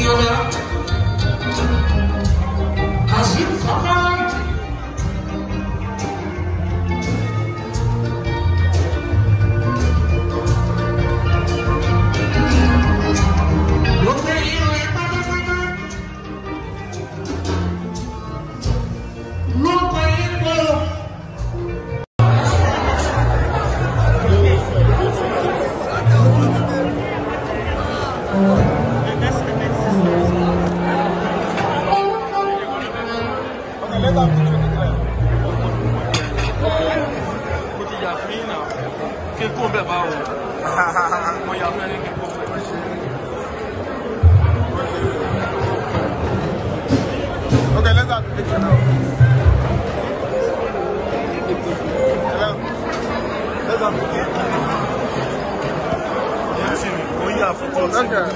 your kí n kó bẹ́ẹ̀ bá wọn mo yà fún ẹni kí n Okay, let's have a picture now. Let's have a picture. Yes,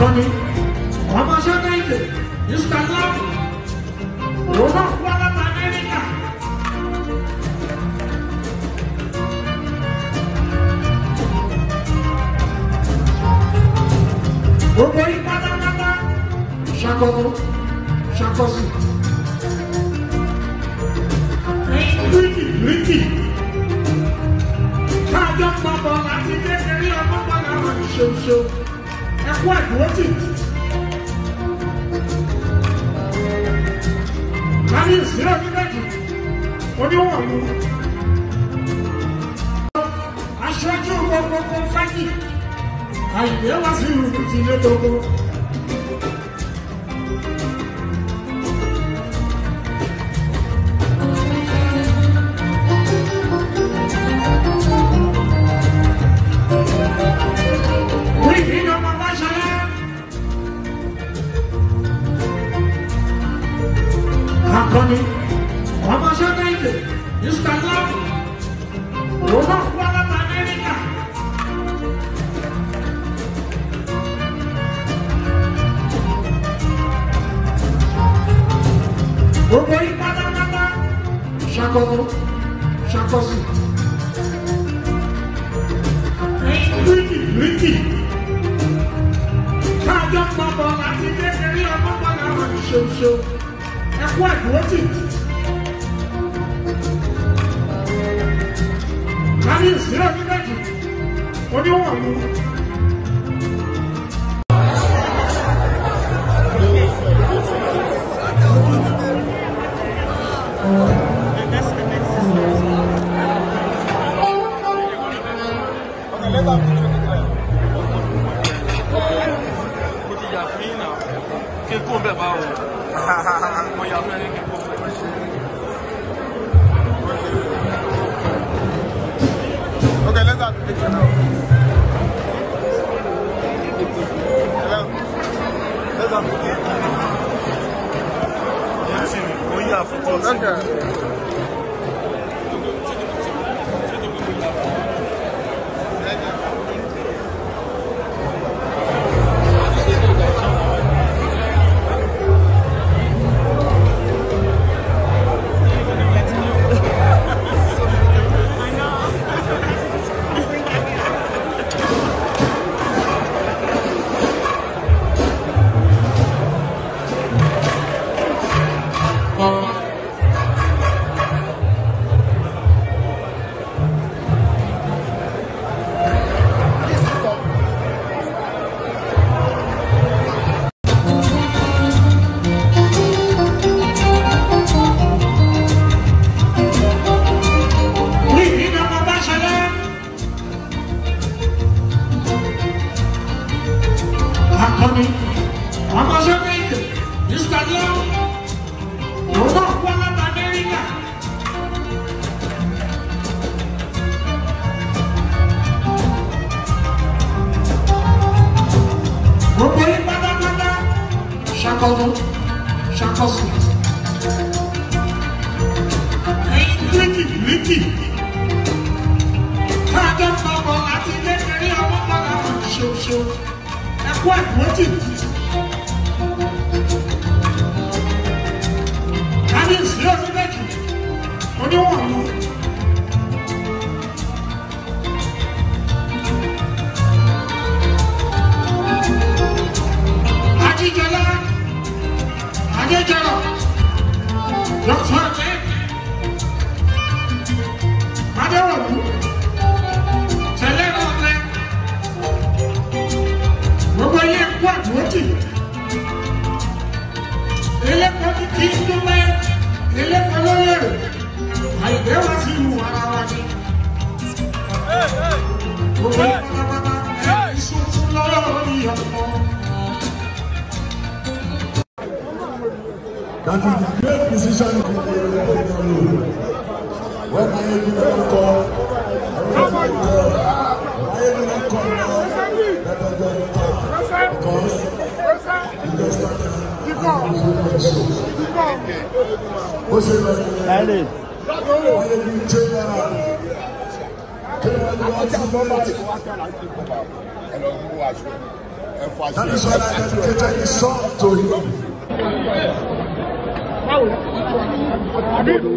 akọni ọmọ sẹ́kẹ̀ndì mr love òun náà wá láti amẹ́ríkà. gbogbo yìí pátápátá ṣàkóso ṣàkóso. Rìkì rìkì káàjọ́ pọ̀ bọ̀ láti kékeré ọmọ bọ̀ làwọn ìṣòṣò a kú àdúrótì. Láti ìsílẹ̀ oníbẹ̀jì, oníwọ̀lú. Aṣojú gbogbo kọ́ńfàkì, àìgbé wá sí ìlú ti lé gbogbo. méjì kájọ pọpọ láti kékeré ọmọ bọlá wọn ṣoṣo ẹkú àdúrótì. kábíyèsí ọdún méjì oníwọ̀n mu. Okay, let's have a picture now. Hello. Let's have a picture. Yes, you are oh, for Okay. are coming. I'm not sure Mr. Love, you're not one of America. Gbogbo yín pátápátá ṣàkọdún ṣàkọsùn. Ẹyin gíríkì gíríkì. Káàdé ń bọ̀ bọ̀ láti ilé kẹrí ọmọ padà ṣoṣo. 万国竞技。òwe iṣu tún lórí ọ̀pọ̀. That is the great decision of the European Union. When I am in the world I am in the call now, that I am in the call. Because you just started and you will not show. What's it like? I am in the call that is why I dedicated this song to you. Àbí you.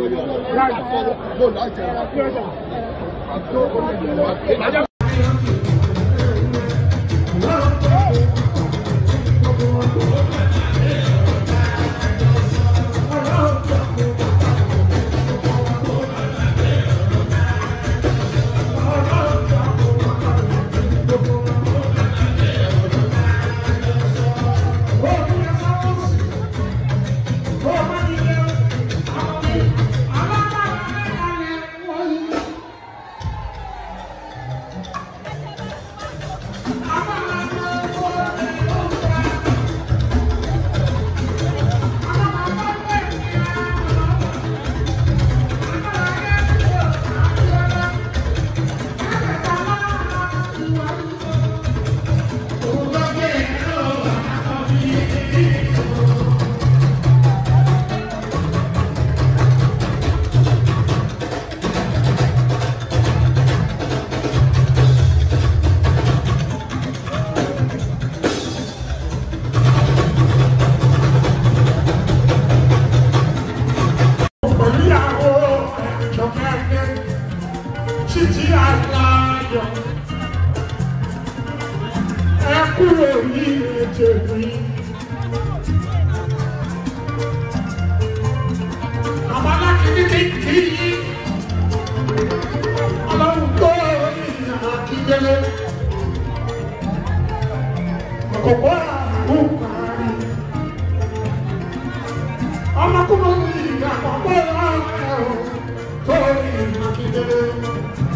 orí ẹ̀jẹ̀ mi. Àbálá kìíní kìí ọlọ́run tó ìyá akíndélé. Kòkó àrùn parí. Ọmọkùnrin ìyá